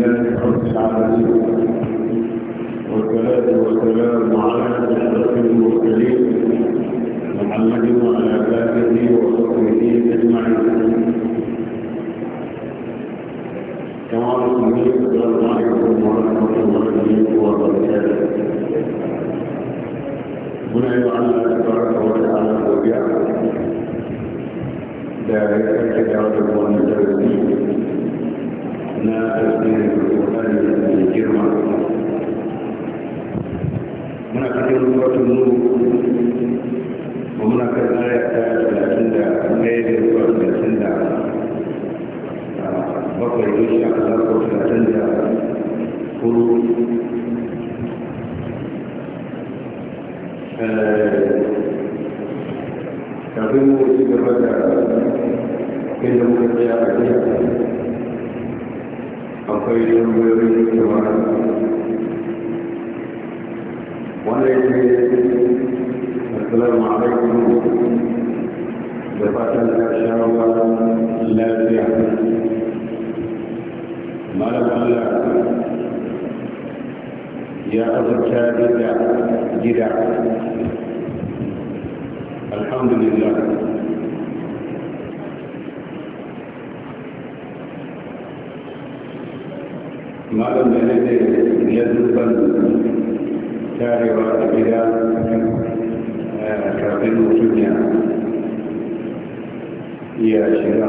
لله رب العالمين والصلاة والسلام على أشرف المرسلين محمد وعلى آله وصحبه أجمعين كما نسميه السلام عليكم ورحمة الله وبركاته هنا يعلم تبارك وتعالى وبيعه da ya karfe da wata wani darasi na tasirin da mai girma muna cikin rubutun nuru ba muna kan aya ta talatin da ɗaya da zuwa talatin da bakwai insha Allah ko talatin da kuru eh, kafin mu ci gaba da inda muka tsaya a jiya akwai yanzu cewa wanda ya ce assalamu alaikum da fatan da shawarwa lafiya malam allah ya azurta da gida alhamdulillah malam da ne ne lalluban tarewa a gida eh, kafin mutum ya iya shiga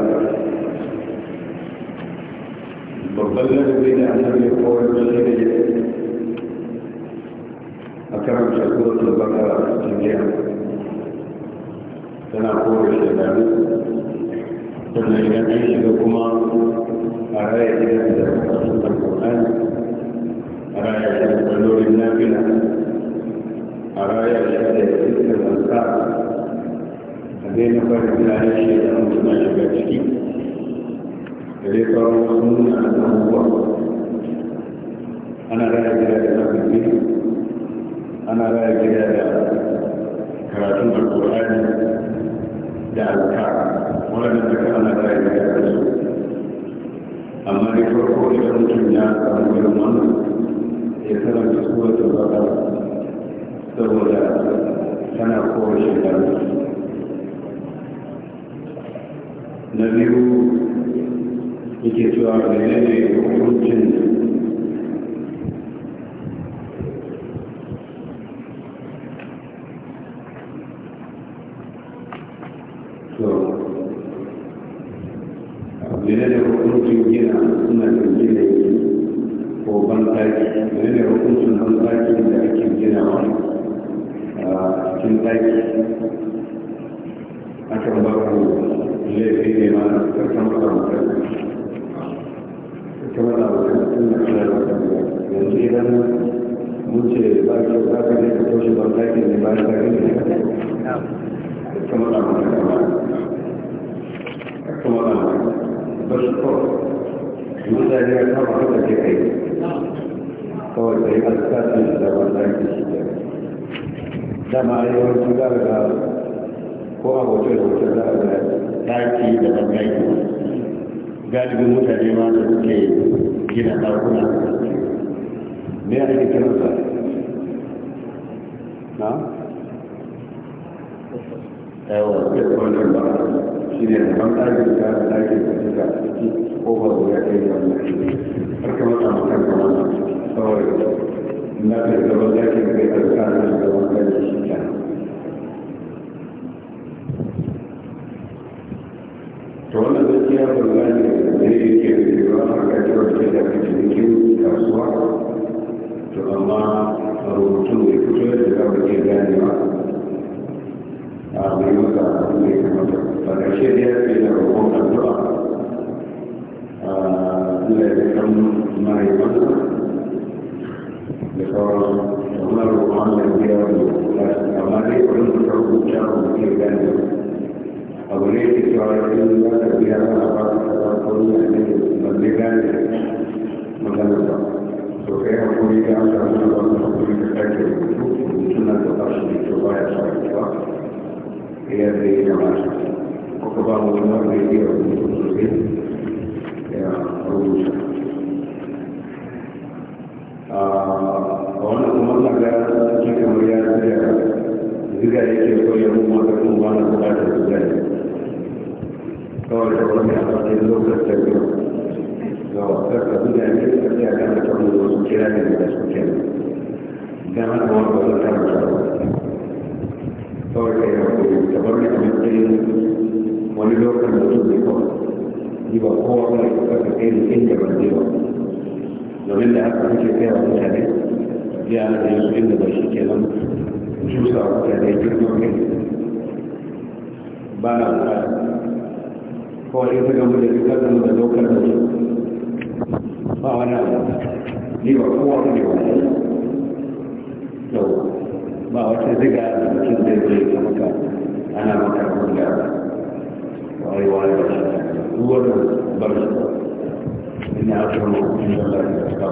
babban lallubi da annabi kowar da shi ne a karanta suratul bakara cikin tana kowar shekaru sannan idan an shiga kuma a raya gidan da karatun alkur'ani a raya shi da kallorin nafila a raya shi da iskar zanta a daina fara tunanin shi da suna shiga ciki da dai sauran wasu nuna na abubuwa ana raya gida da nafili ana raya gida da karatun alkur'ani da alkara wannan duka ana kare da su amma da farko idan mutum ya samu irin wannan ya karanta suratul baqara saboda tana kowa shekaru na biyu yake cewa menene hukuncin kawai sai an sace da zaman zaki shi da dama a yawanci za ga ko a hotel hotel za ga daki da zaki galibin mutane ma da suke gina ɗakuna me ake kiransa na yawa ya kwanar ba shi ne ban ɗakin ka ɗakin ka cika ciki ko ba ya kai da wannan har kamar a makan kamar kawai na kai gaba ta to wannan gaskiya ba kacin wacce da kake cikin kasuwa to amma a rubutun da fito da za ke ganewa a mai masa abin da a da sauran kamar ruwan da biya da amma dai wurin da ta rubuta rubuta gani abu ne ke cewa da yin za ta biya za a fara kasar kawai da ne magana ba to kai hakuri ya amsa wani ba su hakuri ka sake rubutu suna da ba su da kyau baya sa kyau ya zai kamata kuka ba mu wani wanda ya iya rubutu sosai ya rubuta a wani kuma kaga shi kamar ya zuga zuga yake so ya kuma ka kuma ba na bukatar zuga ne kawai da wani a matsayin lokacin da ga wasarka zuga ne a tsaye a kan da kamar wasu kira ne da su kenan dan haka wani wasu ta musamman kawai kai ya koyi kamar da matsayin wani lokacin da su ne kawai ba kowa ne ka kai da inda ban je ba domin da haka kuke kai wa mutane ya da yanzu inda ba shi kenan cusa wa mutane girman kai ba na bukata kawai ta gamu da dukkan da daukar da ba wani abu ni ba kowa ne ba wata ziga da mutum zai zai ta maka ana maka kuma da shi ruwan ina akwai wani da lafiya ba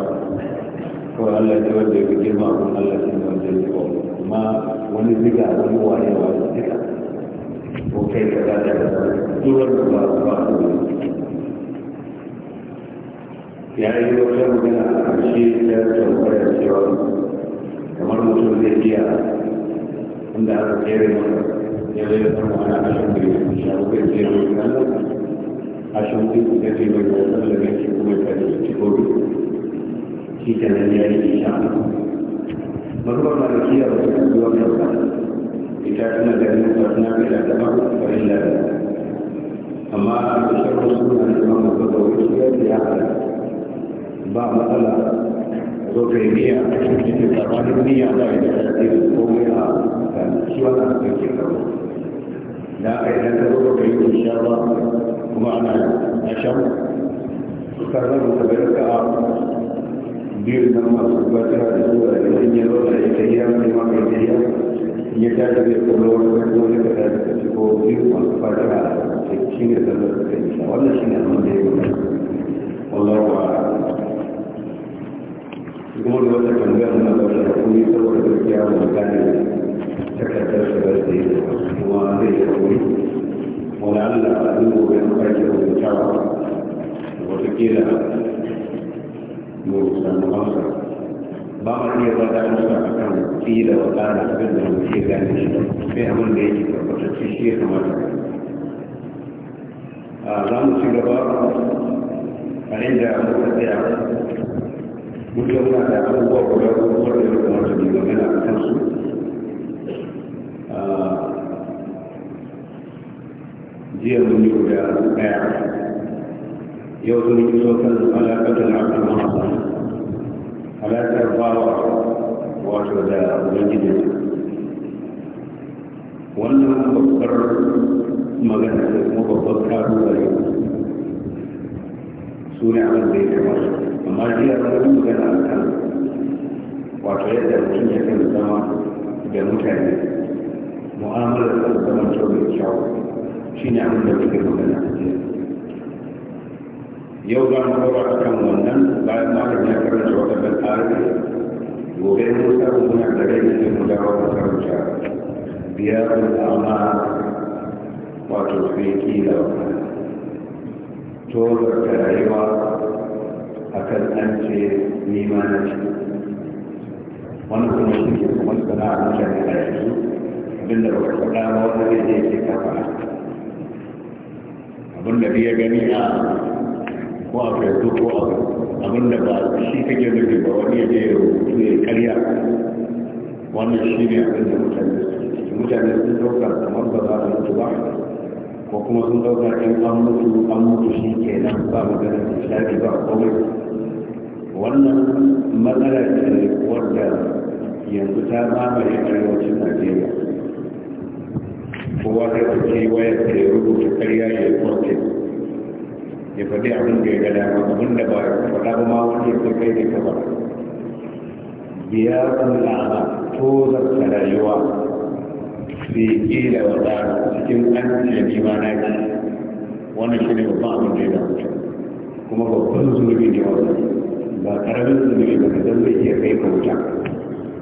ko Allah ya wanda ya girma ko Allah ya wanda ya kuma wani diga wani wani waye diga ko kai ka da da duwar da ba ba ya yi wata magana a ƙarshe ta tambaya cewa kamar mutum zai iya inda aka kere masa ya zai samu ana ashirin da ya shi abubuwan jiya mai a shan kuku ga ke mai wasan da ganci kuma ta da shi ko duk shi ta nan ya yi isha masu ba da kiyar da suka ita tana da yin wasu na kai da dama ko kuma yin da amma a kan shan wasu na da zama masu da wani suya da ya hada ba matsala zo kai miya a ta yi komai a kan da aka yi na karo da kai ba kuma ana a shan karar da garka a biyu nan masu gbatara da zuwa da yin yi zauna ya ta hiyar da maka ya hiyar ya ta da zai kuma wani kuma wani da ta ta ko biyu masu fata a cikin da zama su ka isa wannan shi ne abin da ya yi wallahu a'lam kuma da wata tambayar na ba da kuma saboda gaskiya ba gane takardar shigar da ya kuma zai yi ولعل أنه ينفجر بالكعبة وتكيل موسى مغفر بعض هي بدأ موسى كان قيل وقال بدنا نسير ذلك في أمر ليك وتشير كما أعلام سيغبار فعند مستطيع مجرد أبوه وقال وقال وقال وقال وقال وقال jiya mun yi guda ɗaya yau sun yi so kan alaƙatar abu masu alaƙar bawa wato da ubangiji wannan babbar magana da kuma babbar ƙalubale su ne abin da ya kamata amma jiya mun yi magana a kan wato yadda mutum ya kan zama da mutane mu'amalar da zama kyau da kyau shi ne an da muke magana a jiya yau za mu ɗaura a kan wannan bayan malam ya karanta waɗannan tsarin gobe mu samu muna da rai da mu dawo mu karanta biyar da amma wato sai kila to da rayuwa akan an ce nima na ce wani kuma shi ne kuma sana'a mutane a yanzu abinda ba ka faɗa ba wani zai je ke kafa abinda da ya gani a ko a fesu ko abin ba shi kake nufi ba wani ya je ya rubutu ya karya wannan shi ne abinda mutane mutane mutane sun dauka kamar ba za a mutu ba ko kuma sun dauka in an mutu an mutu shi ke nan ba maganar shafi ba komai wannan matsalar ce wadda yanzu ta mamaye arewacin najeriya kowa zai ɗauki wayar da ya rubuta karya ya yi kwanci ya faɗi abin da ya ga dama abin da ba faɗa ba ma wani ya kai da ka ba biya tsanlama tozar ta rayuwa sai ƙila wata cikin an ce ma na ci wannan shi ne babban abin da ya dace kuma babban zunubi ne wannan ba karamin zunubi ba ka zan zai iya kai ka wuta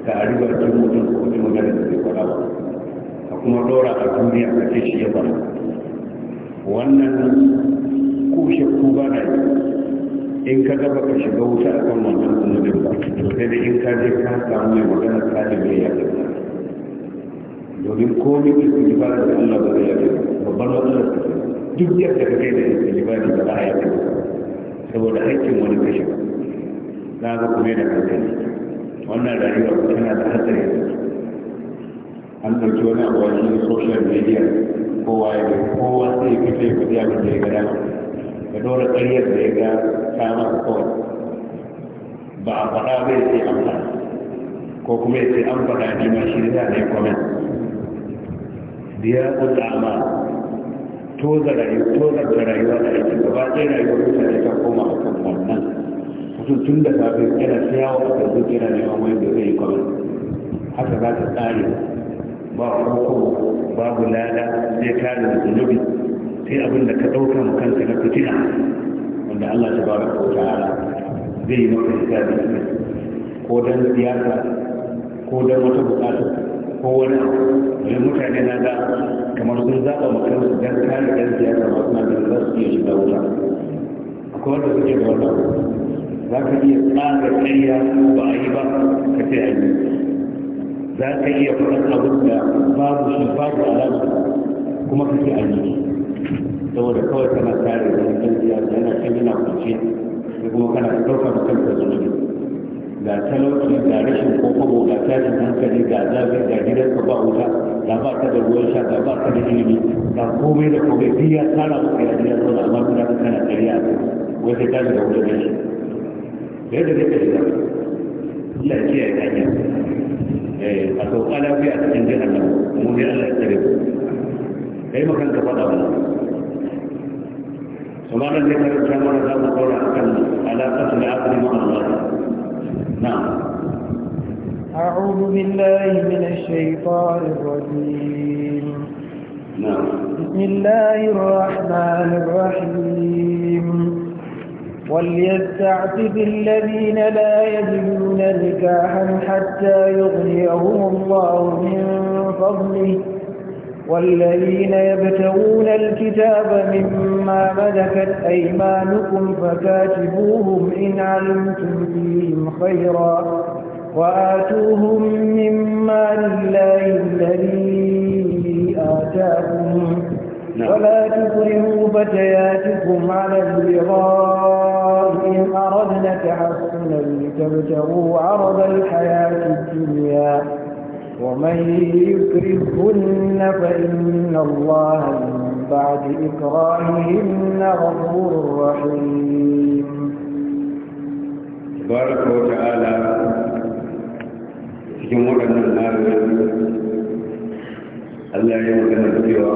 ka a ribar cin mutum ko mutum da zai faɗa ba kuma dora a duniya a ce shi ya wannan kushe kuba na in ka gaba ka shiga wuta a kan wannan da ba to sai da in ka je ka samu mai magana talibai ya ce domin komi da su ba da Allah ba zai yaje babban matsalar duk yadda ka kai da su ba da ba a ce saboda haƙƙin wani kashe na ga kuma yana kankan wannan rayuwa tana da hatsari an ɗauki wani abu wani ne social media kowa ya ga kowa sai fito ya fito ya fito ya ga dama da dora ƙaryar da ya ga kama ka kawai ba a faɗa ba ya ce an faɗa ko kuma ya ce an faɗa ne ma shi da ne comment biya ku dama toza rayuwa toza da rayuwa da ake gaba ɗaya rayuwar mutane ta koma a kan wannan mutum tun da safe yana siyawa a kan zuciya neman wanda zai yi comment haka za ta tsari. ba farko babu lada zai kare da zunubi sai abin da ka ɗauka mu kanka na fitina wanda Allah ta ba ko ta'ala zai yi maka hisabi ko dan siyasa ko dan wata bukata ko wani da mutane na ga kamar sun zaɓa mutum su dan kare dan siyasa ba suna da za su iya shiga wuta akwai wanda suke da wannan za ka iya tsara ƙarya ba a yi ba ka sai a yi za ka iya faɗin abin da babu shi babu alama kuma ka ce aliki saboda kawai kana kare da da yana kan yana kwanci da kuma kana ɗaukar kanka zunubi ga talauci ga rashin kokobo ga tashin hankali ga zafi ga gidan ka ba wuta ga ba ta da ruwan sha ga ba ta da ilimi ga komai da komai biya ya tsara ya amma ka kana ƙarya wai sai ka da wuta da shi yadda zai Allah ya kiyaye a sauka lafiya a cikin jihar nan mu ne Allah ya tsare kai makan ka faɗa mana kuma nan zai karanta mana za mu saura akan alaƙatu da aka nima Allah na أعوذ بالله من الشيطان الرجيم نعم. بسم الله الرحمن الرحيم وليستعفف الذين لا يجدون نكاحا حتى يغنيهم الله من فضله والذين يبتغون الكتاب مما ملكت أيمانكم فكاتبوهم إن علمتم فيهم خيرا وآتوهم مما لله الذي آتاكم نعم. ولا تكرهوا فتياتكم على البغاء إن أردنا تحسنا لتبتغوا عرض الحياة الدنيا ومن يكرهن فإن الله من بعد إكراههن غفور رحيم تبارك وتعالى جمهورنا الآن الله يمكن ya magana cewa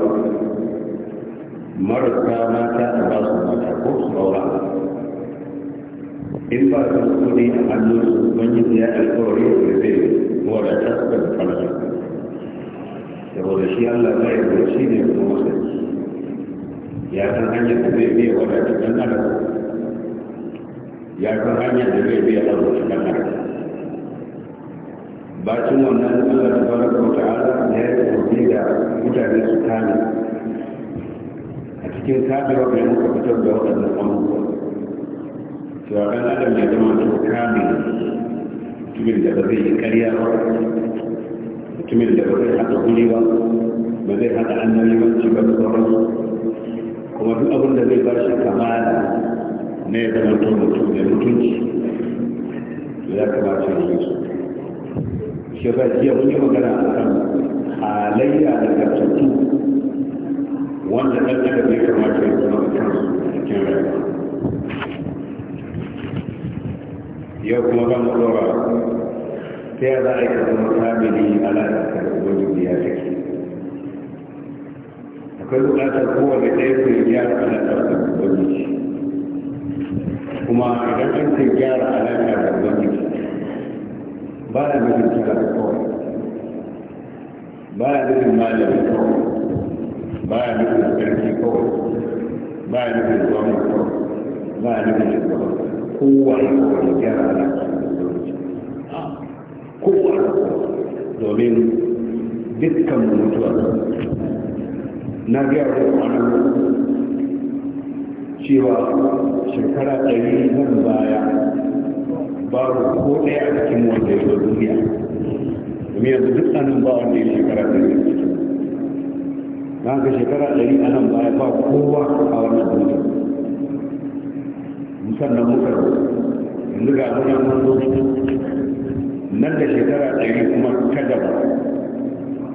ما كان a ba صلى الله عليه وسلم in ba su kuɗi a hannun su ubangiji ya alkawari da zai wadata su da falala saboda shi allah ba ya zai shi ne kuma masarki ya san hanyar da zai biya ta kan adam ya san hanyar da zai biya arziki ɗan adam bacin wannan allah ta bara ko ta'ala ya yi rubuci da mutane su kame a cikin kame wa kai muka fitar da waɗannan abubuwa cewa ɗan adam ya zama toka mai mutumin da ba zai yi karya ba mutumin da ba zai haɗa huli ba ba zai haɗa annabi ba ba sauransu kuma duk abin da zai ba shi kamala na ya zama to mutum da mutunci ya kamata ya yi su shi ba jiya mun yi magana a kan halayya da kartattu wanda ɗan adam ya kamata ya zama kansu cikin rayuwa yau kuma za mu ta yaya za a yi ka zama kamili a lalata da ubangiji ya take akwai bukatar kowane ɗaya ku yi gyara alaƙa da kuma idan an ce gyara alaƙa da ubangiji ba da nufin kira da kawai ba da nufin malami kawai ba da nufin sarki kawai ba da nufin zuwa kawai ba da nufin kowa ya gyara da kowa domin dukkan mutuwa na gaya da kwanan cewa shekara ɗari nan baya babu ko ɗaya a cikin wanda ya zo duniya domin yanzu duk nan ba wanda shekara ɗari na ga shekara ɗari a nan baya ba kowa a wannan duniya musamman muka yanzu ga muna nan da shekara ɗari kuma ta gaba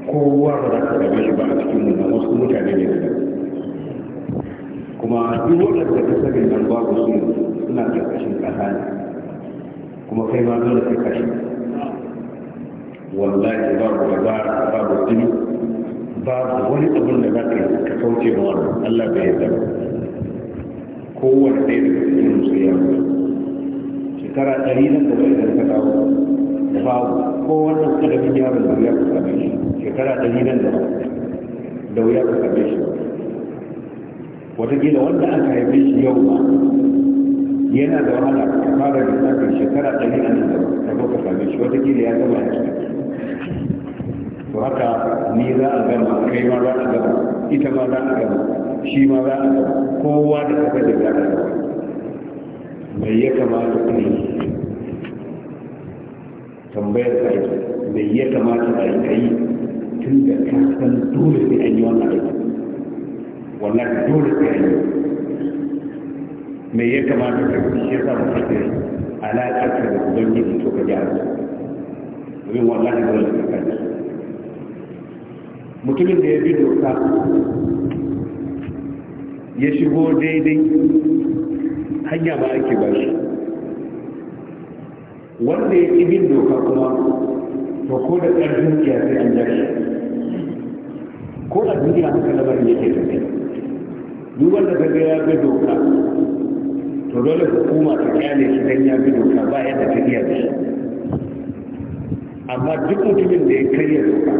kowa ba za ka gabe shi ba a cikin mu na wasu mutane ne da kuma duk waɗanda ta sani nan babu su suna ƙarƙashin ƙasa ne kuma kai ma dole sai kashi wallahi babu dabara babu jini babu wani abin da za ka yi ka kauce ma wannan Allah bai yarda ba kowane ɗaya daga cikin su ya shekara ɗari nan gaba idan ka dawo babu ko wannan ƙaramin yaron da wuya ka same shi shekara ɗari nan gaba da wuya ka same shi wataƙila wanda aka haife shi yau ma yana da wahala ka fara da shekara ɗari nan gaba ka zo ka shi wataƙila ya gama ya to haka ni za a gama kai ma za a gama ita ma za a gama shi ma za a gama kowa da kafa da za mai ya kamata ku yi tambayar ka yi mai ya kamata a yi tun da ka san dole sai an yi wannan aiki Wannan dole sai an yi mai ya kamata ka yi shi ya sa mutum da alaƙar ka da ubangiji to ka gyara domin wallahi dole sai ka yi mutumin da ya bi doka ya shigo daidai hanya ba ake ba shi wanda ya ƙi bin doka kuma to ko da ƙarfin ya sai an shi. ko a duniya haka lamarin yake tafi duk wanda ka ga ya bi doka to dole hukuma ta kyale shi don ya bi doka ba yadda ta iya shi amma duk mutumin da ya karya doka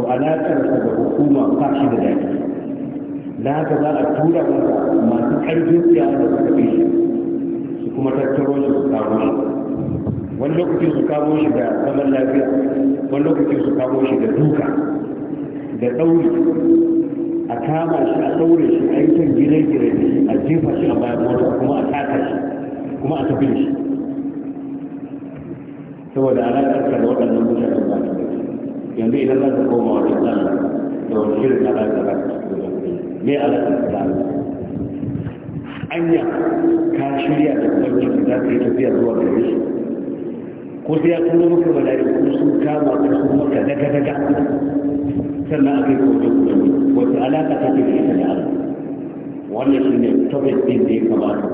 to alaƙarsa da hukuma ba shi da daji da haka za a tura masa masu ƙarfin siya da suka fi shi su kuma tattaro shi su kawo shi wani lokaci su kawo shi da zaman lafiya wani lokaci su kawo shi da duka da ɗauri a kama shi a tsauri shi a yi son gire-gire a jefa shi a bayan mota kuma a taka shi kuma a tafi shi saboda alaƙar da waɗannan mutane ba yanzu idan za ka koma wajen sallah da wani shirin da za ka za ka me alaƙar da anya ka shirya da ubangiji za ka yi tafiya zuwa gare shi ko sai ya kuma maka mala'iku sun kama ka sun maka daga daga sannan aka yi kogin ubangiji wata alaƙa ta ke da ita da Allah wannan shi ne tabbas ɗin da ya kamata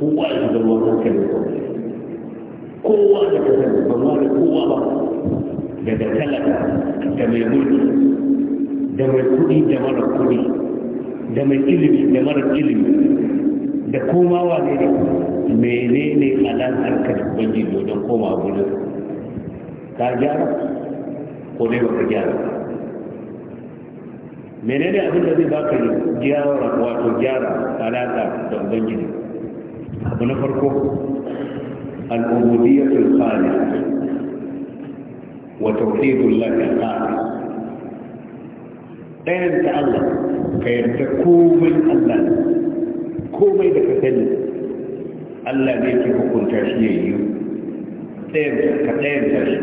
kowa ya zama hankali kowa da kasar ban wani kowa ba daga talaka da mai mulki da mai kudi da mara kudi da mai ilimi da mara ilimi da komawa ne da menene alan harkar da ubangiji don koma gudun ka gyara ko ne baka gyara menene abin da zai baka gyara wato gyara alaka da ubangiji abu na farko al'ubudiyar khalid وتوحيد لك قائم دين الله كيف تكون الله كوما إذا كتن الله ليس يكون تشييه دين كتن تشييه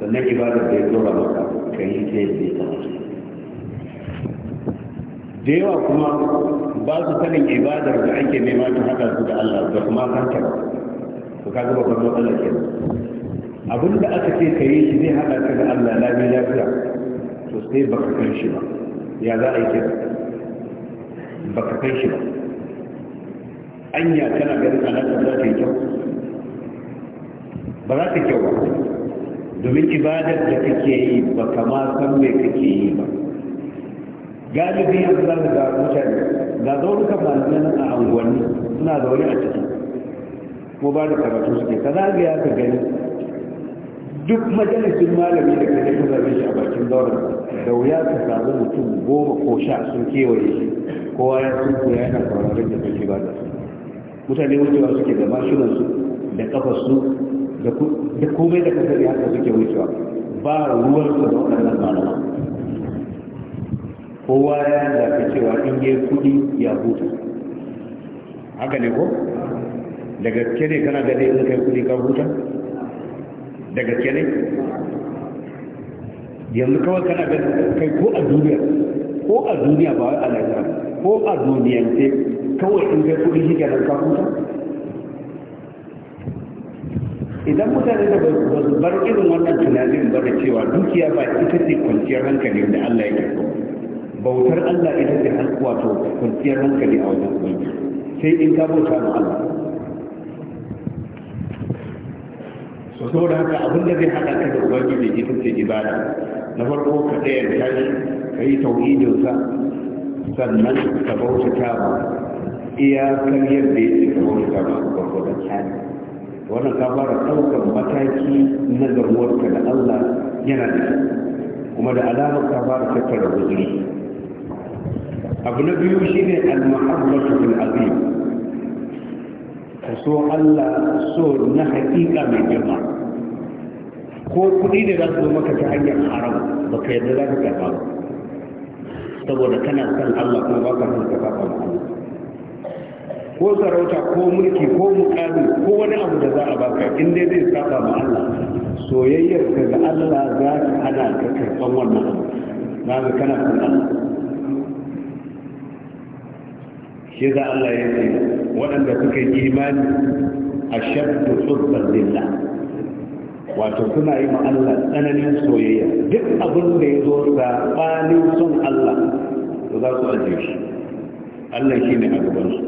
فنجي بعد بيتورا مكا كي يتين بيتورا ديوا كما بعض تنين عبادة رجعيك مما تحقق الله وكما كانت وكذا بقول الله كيف abin da aka ce ka yi shi zai haɗa ka da allah lami lafiya to sai ba ka kan shi ba ya za a yi kira ba ka kai shi ba anya tana ganin alaƙa za ta yi kyau ba za ta kyau ba domin ibadar da kake yi ba kama san me kake yi ba galibi yanzu za ka ga mutane ga zaurukan malamai nan a anguwanni suna zaune a ciki ko ba da karatu suke ka ya ka gani duk majalisin malami da kaje ka zabe shi a bakin zauren da wuya ka zabe mutum goma ko sha sun kewaye shi kowa ya sun koya yana kwararren da kake ba da su mutane wucewa suke da mashinansu da kafarsu da komai da kasar haka suke wucewa ba ruwan su da waɗannan malama kowa ya zafi cewa in yi kuɗi ya huta haka ne ko da gaske ne kana gani in kai kuɗi ka huta da gaske ne yanzu kawai kana ga kai ko a duniya ko a duniya ba wai a lafiya ko a ne kawai in kai kudi shi kenan ka huta idan mutane da ba su bar irin wannan tunanin ba da cewa dukiya ba ita ce kwanciyar hankali da Allah ya so bautar Allah ita ce wato kwanciyar hankali a wajen ubangiji sai in ka bauta ma Allah to saboda haka abin da zai haɗa ka da da ita ce ibada na farko ka tsaya da tashi, ka yi tauhidin sa sannan ka bauta bautata ba iyakar yadda ya ce ka bautata ba gwargwadon hali wannan ka fara ɗaukar mataki na gamuwarka da allah yana da kuma da alamar ka fara tattara guzuri abu na biyu shine al-mahabbatu bil azim so Allah so na haƙiƙa mai girma ko kuɗi ne za su zo maka ta hanyar haram ba ka yarda za ka karɓa ba saboda kana san Allah kuma ba ka son ka saba Allah ko sarauta ko mulki ko mukami ko wani abu da za a baka in dai zai saba ma Allah soyayyar ka ga Allah za ta hana ka karɓan wannan abu za ka kana son Allah shi za Allah ya ce waɗanda suka yi imani a shaddu tsubbal lillah wato suna yi ma Allah tsananin soyayya duk abin da ya zo ga saɓanin son Allah to za su ajiye shi Allah shi ne a gabansu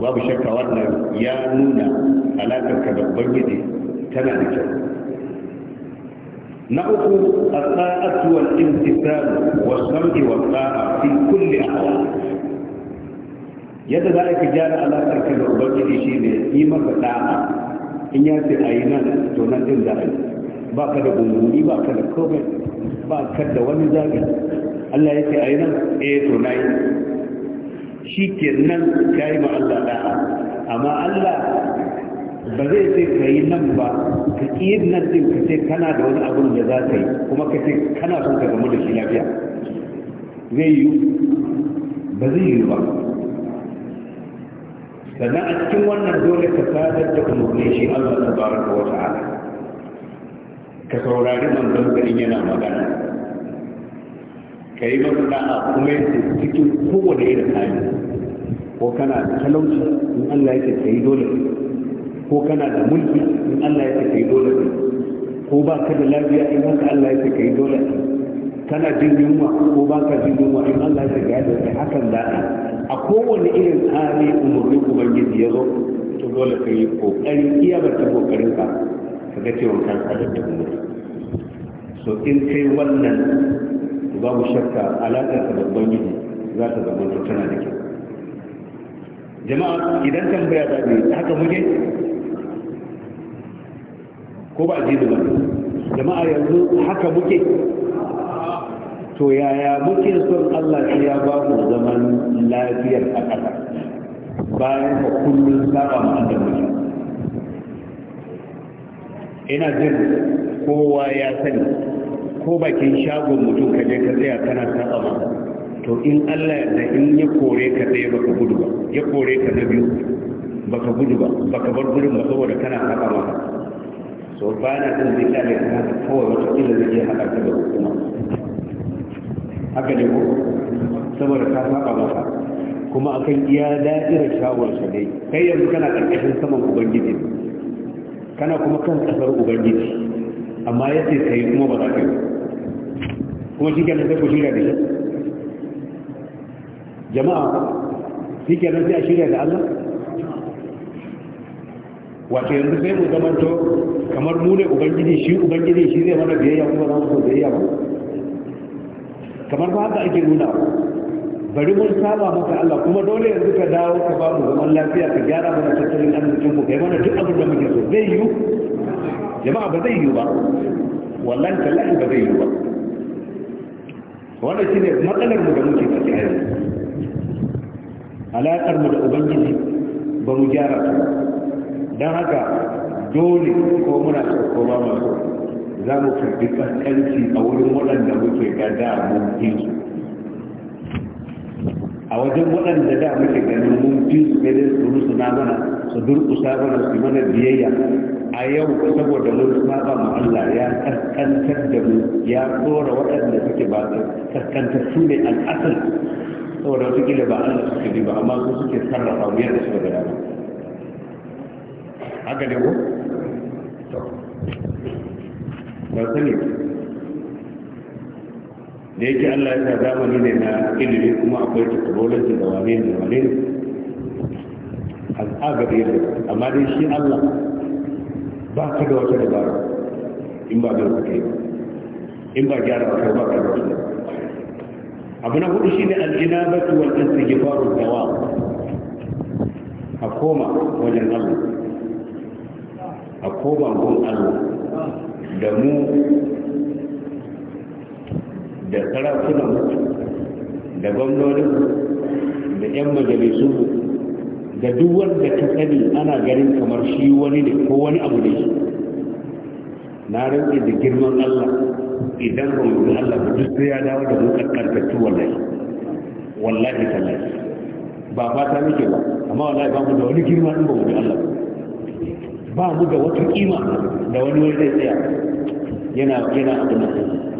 babu shakka wannan ya nuna alaƙar ka da ubangiji tana da kyau na uku a sa'atu wal imtisal wa sam'i wa sa'a fi kulle a ahwal yadda za a ka gyara alaƙar ka da ubangiji shine yi maka da'a in ya ce a yi nan to nan ɗin za a yi ba ka da gungumi ba ka da komai ba ka da wani zaɓi Allah ya ce a yi nan eh to na yi shi ke nan ka yi ma Allah da'a amma Allah ba zai ce ka yi nan ba ka ƙi nan din ka ce kana da wani abin da za ka yi kuma ka ce kana son ka gama da shi lafiya zai yi ba zai yi ba sannan a cikin wannan dole ka sadar da umarni shi Allah ta baraka wa ta'ala ka saurari manzon garin yana magana ka yi masa a kuma yake cikin kowane irin hali ko kana da talauci in Allah yake ka yi dole ko kana da mulki in Allah yake ka yi dole ko ba ka da lafiya in haka Allah yake ka yi dole kana jin yunwa ko ba ka jin yunwa in Allah yake ka yi dole hakan da'a a kowane irin hali umarnin ubangiji ya zo to dole ka yi kokarin iya bata kokarin ka ka ga cewa kan tsada da umarni so in kai wannan babu shakka alaƙar ka da ubangiji za ta zama ta tana da kyau jama'a idan tambaya za ne haka muke ko ba ji ba jama'a yanzu haka muke to yaya muke son Allah shi ya ba mu zaman lafiyar a ƙasa bayan ka kullum saba mu da muke ina jin kowa ya sani ko bakin shagon mutum ka je ka tsaya kana saba ma to in Allah ya da in ya kore ka tsaye baka gudu ba ya kore ka na biyu baka gudu ba baka bar gudun ba saboda kana saba ma so ba na jin zai kyale ka kawai wata kila zai je haɗa ka da hukuma haka ne ko saboda ta saba masa kuma akan iya da'irar shawarsa dai kai yanzu kana ƙarƙashin saman ubangiji kana kuma kan ƙasar ubangiji amma ya ce sai kuma ba za ka yi kuma shi kenan sai ku shirya da shi jama'a shi kenan sai a shirya da Allah wato yanzu sai mu zamanto kamar mu ne ubangiji shi ubangiji shi zai mana biyayya kuma za mu so biyayya ba kamar ba haka ake nuna bari mun saba maka Allah kuma dole yanzu ka dawo ka ba mu zaman lafiya ka gyara mana tattalin arzikin mu kai mana duk abin da muke so zai yiwu jama'a ba zai yiwu ba wallahi tallahi ba zai yiwu ba wannan shine matsalar mu da muke ciki a yanzu alaƙar mu da ubangiji ba mu gyara ta don haka dole ko muna so ko ba mu so za mu karbi kaskanci a wurin waɗanda muke ga da mun fi su a wajen waɗanda da muke ganin mun fi su ne da su na mana su durƙusa mana su mana biyayya a yau saboda mun saba mu Allah ya karkantar da mu ya tsora waɗanda suke ba karkantar su ne al'asar saboda wasu kila ba Allah suke bi ba amma su suke sarrafa mu yadda suka ga dama haka ne ko ba sani da yake Allah ya zamani ne na ilimi kuma akwai technology da wane da wane al'agari ne amma dai shi Allah ba ka da wata dabara in ba da kai in ba gyara ba ba ka da wata abu na hudu shine al-jinabatu faru da wa a koma wajen Allah a koma gun Allah da mu da sarakunan da gwamnonin da 'yan majalisu da duk wanda ta sani ana ganin kamar shi wani ne ko wani abu ne shi na rantsa da girman Allah idan ba mu Allah ba duk sai ya dawo da mu kakkantattu wallahi wallahi tallahi ba fata muke ba amma wallahi ba mu da wani girman in ba mu Allah ba mu da wata kima da wani zai tsaya yana yana abin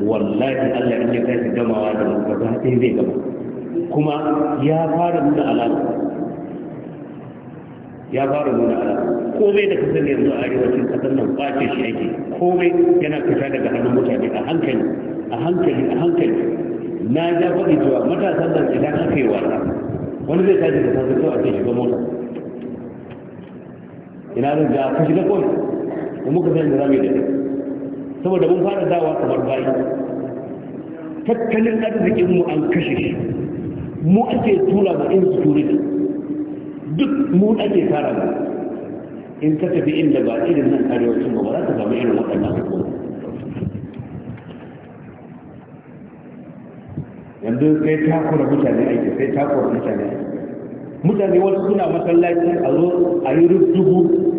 wallahi Allah in ya tashi gamawa da mu ba zai gama kuma ya fara nuna alama ya fara nuna alama komai da kasance yanzu a arewacin kasar nan kwace shi ake komai yana fita daga hannun mutane a hankali a hankali a hankali na ja faɗi cewa matasan nan idan aka yi wasa wani zai tashi da sassa a ce shiga mota ina zan ga kashi na kawai mu muka san da zamu yi da saboda mun fara dawa kamar bayi tattalin arzikin mu an kashe shi mu ake tura ma insecurity duk mu ake fara mu in ka tafi inda ba irin nan arewacin ba ba za ka samu irin waɗannan abubuwa yanzu sai takura mutane aiki sai takura mutane aiki mutane wasu suna masallaci a zo a yi rubutu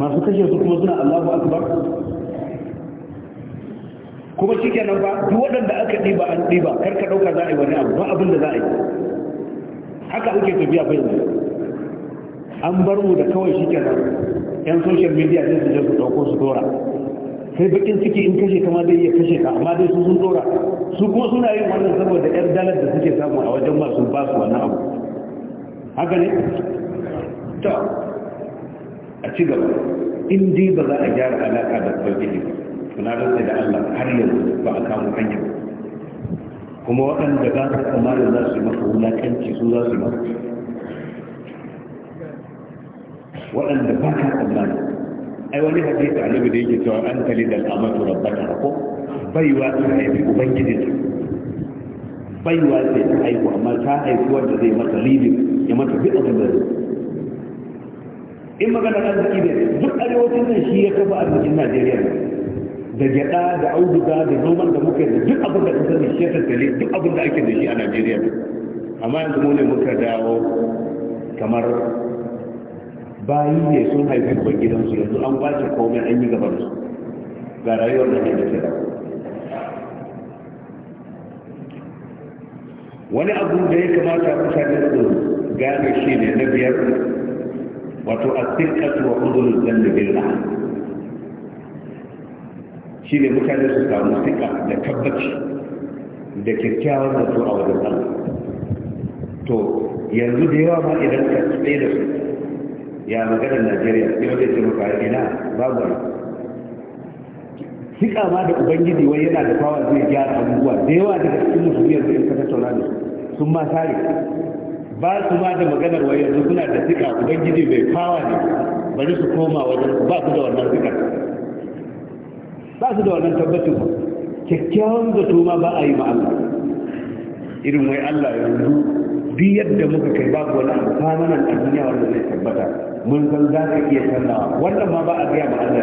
masu kashe su kuma suna Allahu akbar kuma shike nan ba duk waɗanda aka ɗiba an ɗiba kar ka ɗauka za a yi wani abu ba abin da za a yi haka ake tafiya fa yanzu an bar mu da kawai shike nan yan social media ne su je su ɗauko su dora sai bakin ciki in kashe kama dai ya kashe ka amma dai su sun dora su kuma suna yin wannan saboda yar dalar da suke samu a wajen masu ba su wannan abu haka ne to a ci gaba in dai ba za a gyara alaka da tauhidi ba suna rasa da Allah har yanzu ba a kamo hanya ba kuma waɗanda ba su da za su yi maka wulakanci su za su yi maka waɗanda ba ka tsammani ai wani hadisi annabi da yake cewa an kali da al'amatu rabbata ko baiwa ta haifi ubangijinta baiwa sai ta haihu amma ta haifi wanda zai mata lidin ya mata duk abin da zai in maganar arziki ne duk arewacin nan shi ya kafa arzikin najeriya da gyada da auduga da noman da muka da duk abin da kusa da shi ya tattale duk abin da ake da shi a najeriya amma yanzu mu ne muka dawo kamar bayi ne sun haifi ban gidansu yanzu an kwace komai an yi gaban su ga rayuwar da ke da wani abu da ya kamata mutane su gane shi ne na biyar wato a sikatu wa udulu da billah shi ne mutane su samu sika da tabbaci da kyakkyawar zato a wajen Allah to yanzu da yawa ma idan ka tsaye da su ya magana Najeriya ya wajen ce maka ina babu sika ma da ubangiji wai yana da fawa zai gyara abubuwa da yawa daga cikin musulmi yanzu in ka tattauna da su sun ma sare ba su ma da maganar wa yanzu suna da sika ubangiji bai kawa ne bari su koma wajen ba su da wannan sikar ba su da wannan tabbacin kyakkyawan zato ma ba a yi ma Allah irin wai Allah yanzu biyar yadda muka kai babu wani amfanan a duniya wanda zai tabbata mun san za ka iya sannawa wannan ma ba a gaya ma Allah ne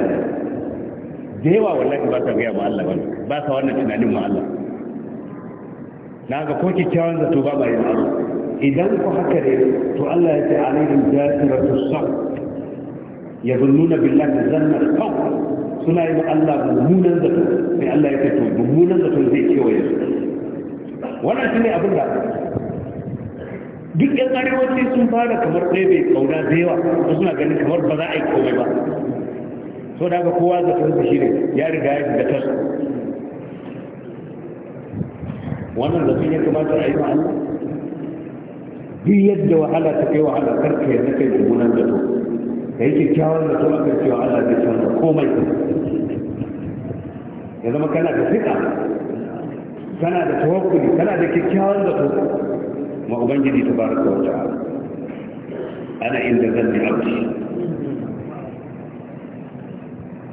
da yawa wallahi ba sa gaya ma Allah ba sa wannan tunanin ma Allah na ga ko kyakkyawan zato ba ba yi ma Allah idan ku haka ne to Allah ya ce alaihim jasiratu ya yazunnuna billahi zannar al suna yi Allah mummunan zato sai Allah ya ce to mummunan zato zai kewaye su wannan shine abin da duk yan arewaci sun fara kamar ɗaya bai kauna da yawa ko suna ganin kamar ba za a yi komai ba so da ga kowa su ya riga ya wannan ya kamata a yi ma Allah duk yadda wahala ta kai wahala karka yadda kai mummunan to ka yi kyakkyawan da a aka cewa Allah zai san komai ya zama kana da fiƙa kana da tawakkuli kana da kyakkyawan to ma ubangiji ta baraka wa ta'ala ana inda zan yi abdi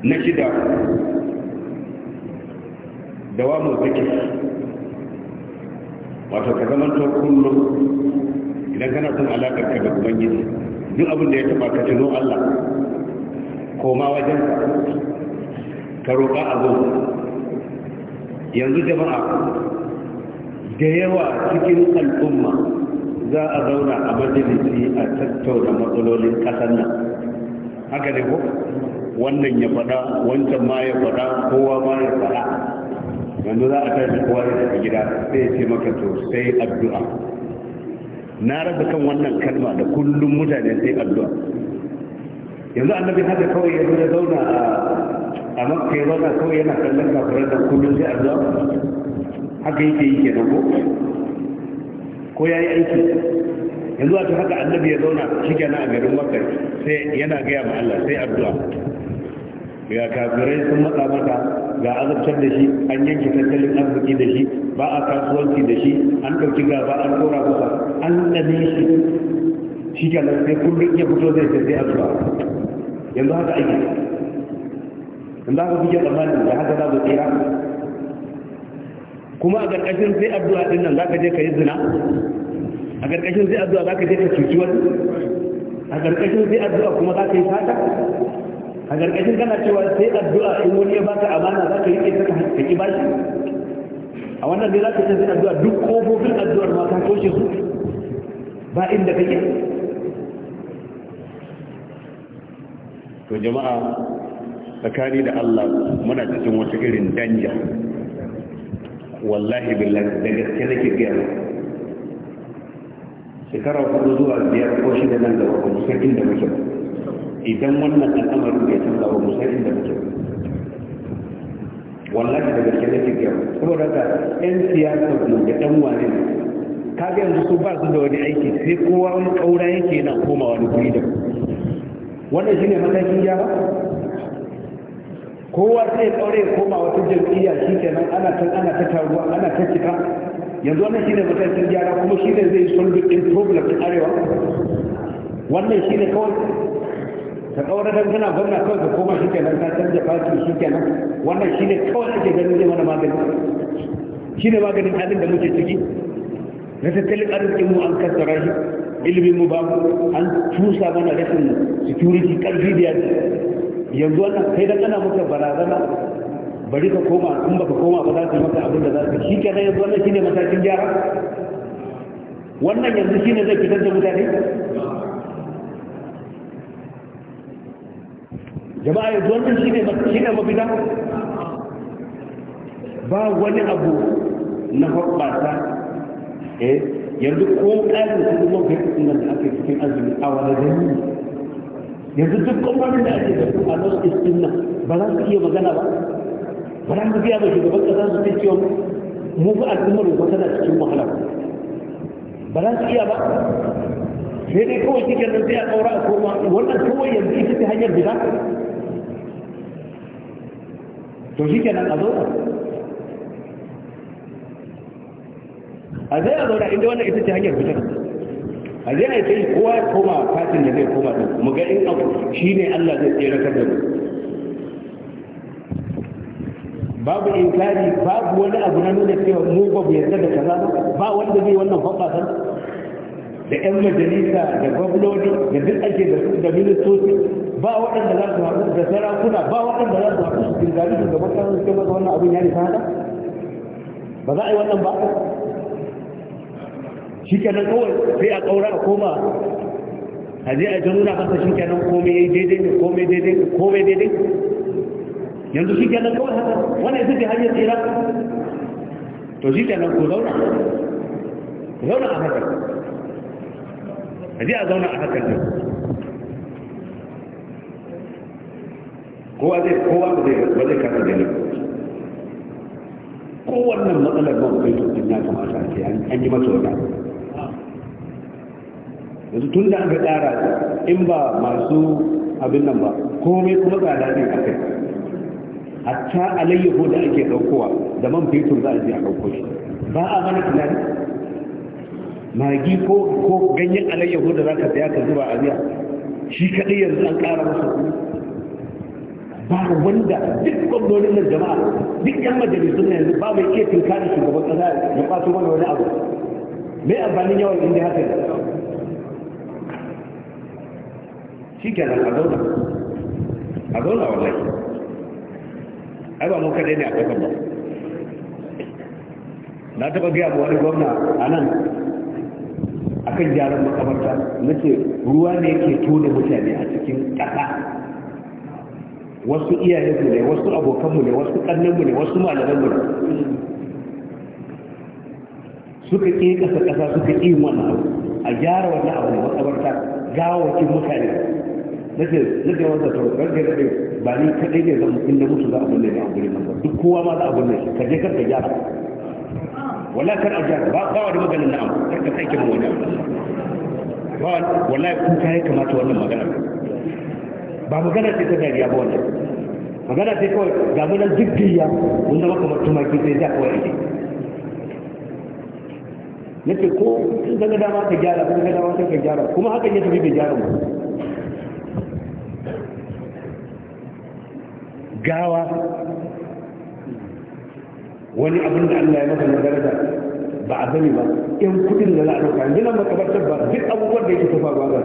na shida dawamu zikir wato ka zama to kullum idan kana son alaƙar ka da ubangiji duk abin da ya taba ka tuno Allah koma wajen ka roƙa a zo yanzu jama'a da yawa cikin al'umma za a zauna a majalisi a tattauna matsalolin ƙasar nan haka ne ko wannan ya faɗa wancan ma ya faɗa kowa ma ya faɗa yanzu za a tashi kowa ya gida sai ya ce maka to sai addu'a na rasa kan wannan kalma da kullum mutane sai addu'a yanzu annabi haka kawai ya zo ya zauna a a makka ya zauna kawai yana kallon kafirar da kullum sai addu'a haka yake yi kenan ko ko yayi aiki yanzu a ta haka annabi ya zauna shi kenan a garin makka sai yana gaya ma Allah sai addu'a ga kafirai sun matsa mata ga azabtar da shi an yanke tattalin arziki da shi ba a kasuwanci da shi an ɗauki gaba an ɗora kusa an ɗane shi shi ke nan sai kullum ya fito zai sai sai azuwa yanzu haka ake yanzu haka kuke tsammanin da haka za ku tsira kuma a ƙarƙashin sai addu'a ɗin nan za ka je ka yi zina a ƙarƙashin sai addu'a za ka je ka cuci wani a ƙarƙashin sai addu'a kuma za ka yi fata a gargashin kana cewa sai addu'a in wani ya baka amana za ka yi ka ka ki bashi a wannan dai za ka ce sai addu'a duk kofofin addu'ar ma ka toshe su ba inda kake to jama'a tsakani da Allah muna cikin wata irin danja wallahi billahi da gaske nake gaya shekara hudu zuwa biyar ko shida nan da ba san da muke ba idan wannan al'amarin ya canza wa musayin da mutum wallahi da gaske nake gaba saboda ka yan siyasa mu da dan wani ne ga yanzu su ba su da wani aiki sai kowa wani kaura yake na koma wani guri da shi ne matakin gyara kowa sai kaure ya koma wata jam'iyya shikenan ana ta ana ta taruwa ana ta cika yanzu wannan shine matakin gyara kuma shine zai solve din problem arewa wannan shine kawai ka kawar da kana gwamna kawai ka koma shi kenan ka canza fati shi kenan wannan shi ne kawai ake ganin zai mana magani shi ne maganin halin da muke ciki na tattalin arzikin mu an kassara shi ilimin mu ba an tusa mana rashin security karfi da yanzu yanzu wannan kai da kana muka barazana bari ka koma in baka koma ba za ka maka abin da za ka shi kenan yanzu wannan ne matakin gyara wannan yanzu shi ne zai fitar da mutane jama'a yanzu wannan shi ne mafita ba wani abu na hoɓɓasa eh yanzu ko ƙarin kudin man kai kudin da aka cikin azumi a wani gani yanzu duk kamfanin da ake da a nan istin nan ba za su iya magana ba ba za su biya ba shugaban ƙasa su ce cewa mu fi al'ummar wata na cikin wahala ba za su iya ba sai dai kawai cikin nan sai a ƙaura a koma wannan kawai yanzu ita ta hanyar gida to shi kenan a zo a zai a zauna inda wannan ita ce hanyar fitar a zai a yi kowa koma fatin da zai koma ɗin mu ga in abu shi ne allah zai tsere da mu babu inkari babu wani abu na nuna cewa mu ba bu yarda da kaza ba ba wanda zai wannan fafasan da 'yan majalisa da gwamnoni da duk ake da ministoci ba waɗanda za su haɗu da sarakuna ba waɗanda za su haɗu su girgari su gaban kan suke masa wannan abin ya nufa haka ba za a yi wannan ba shi kenan kawai sai a ƙaura a koma a je a januna masa shi kenan komai daidai ne komai daidai ne komai daidai yanzu shi kenan kawai haka wannan ita ce hanyar tsira to shi kenan ku zauna ku zauna a haka a je a zauna a haka ne kowa zai kowa ba zai ba zai kasa ganin kowannan matsalar ba kai to din ya kamata a ce an yi masa wata yanzu tun da aka tsara in ba masu abin nan ba komai kuma tsada ne a kai hatta alayyahu da ake daukowa da man fetur za a je a dauko shi ba a mana tunani magi ko ko ganyen alayyahu da za ka saya ka zuba a shi kaɗai yanzu an ƙara masa kuɗi ba wanda duk kwallonin nan jama'a duk yan majalisu na yanzu ba mai iya da shugaban kasa ya kwaso mana wani abu mai amfanin yawan inda haka shi kenan a zauna a zauna wallahi ai ba mu kada ne a kasan ba na taba gaya mu wani gwamna a nan a kan gyaran makamarta na ce ruwa ne ke tone mutane a cikin ƙasa wasu iyayenmu ne wasu abokanmu ne wasu mu ne wasu malamanmu ne suka ƙi ƙasa ƙasa suka ƙi wannan abu a gyara wannan abu gawa gawakin mutane na nake nake wanda ta garga da ba ni kadai ne zan in da mutu za a bunne a gurin nan ba, duk kowa ma za a bunne ka je kar ka gyara wala kar a gyara ba ba wani maganin na'am kar ka sai mu wani ba wallahi kuka ya kamata wannan magana ba magana ce ta dariya ba wannan magana sai kawai ga munan jiggiya mun zama kamar tumaki sai za kawai ake N'a ce ko sun zaga dama ka gyara ko ga dama ta ka gyara kuma hakan ya tafi bai gyara mu gawa wani abin da Allah ya masa na daraja ba a sani ba in kudin da za a ɗauka yanzu makabartar ba duk abubuwan da yake tafa ba ba.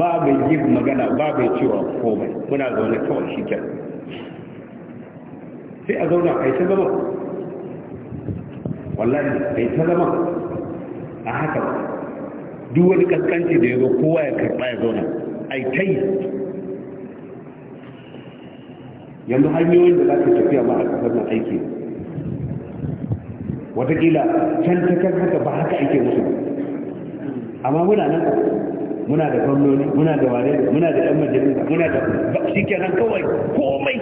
ba mai yin magana ba mai cewa komai muna zaune kawai shi kyan sai a zauna a yi ta zama wallahi a yi ta zama a haka duk wani kaskanci da ya zo kowa ya karɓa ya zauna a yi ta yi yanzu hanyoyin da za ka tafiya ma a kasar na aiki watakila can ta kan haka ba haka ake musu amma muna nan muna da gwamnoni muna da ware muna da ɗan majalisa muna da ba shi kenan kawai komai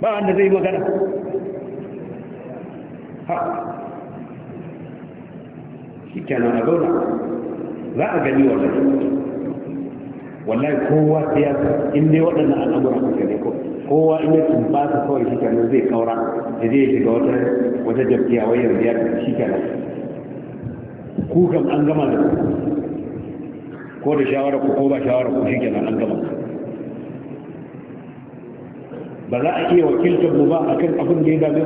ba wanda zai magana ha shi kenan a zauna za a gani wallahi wallahi kowa siyasa in dai waɗannan al'amuran suka ne kawai kowa in ya ba ta kawai shi kenan zai kaura da zai shiga wata wata jam'iyya wayar da ya shi kenan ku kam an gama da ko da shawarar ku ko ba shawara ku shi kenan an gama ba za a iya wakiltar mu ba akan abin da ya dame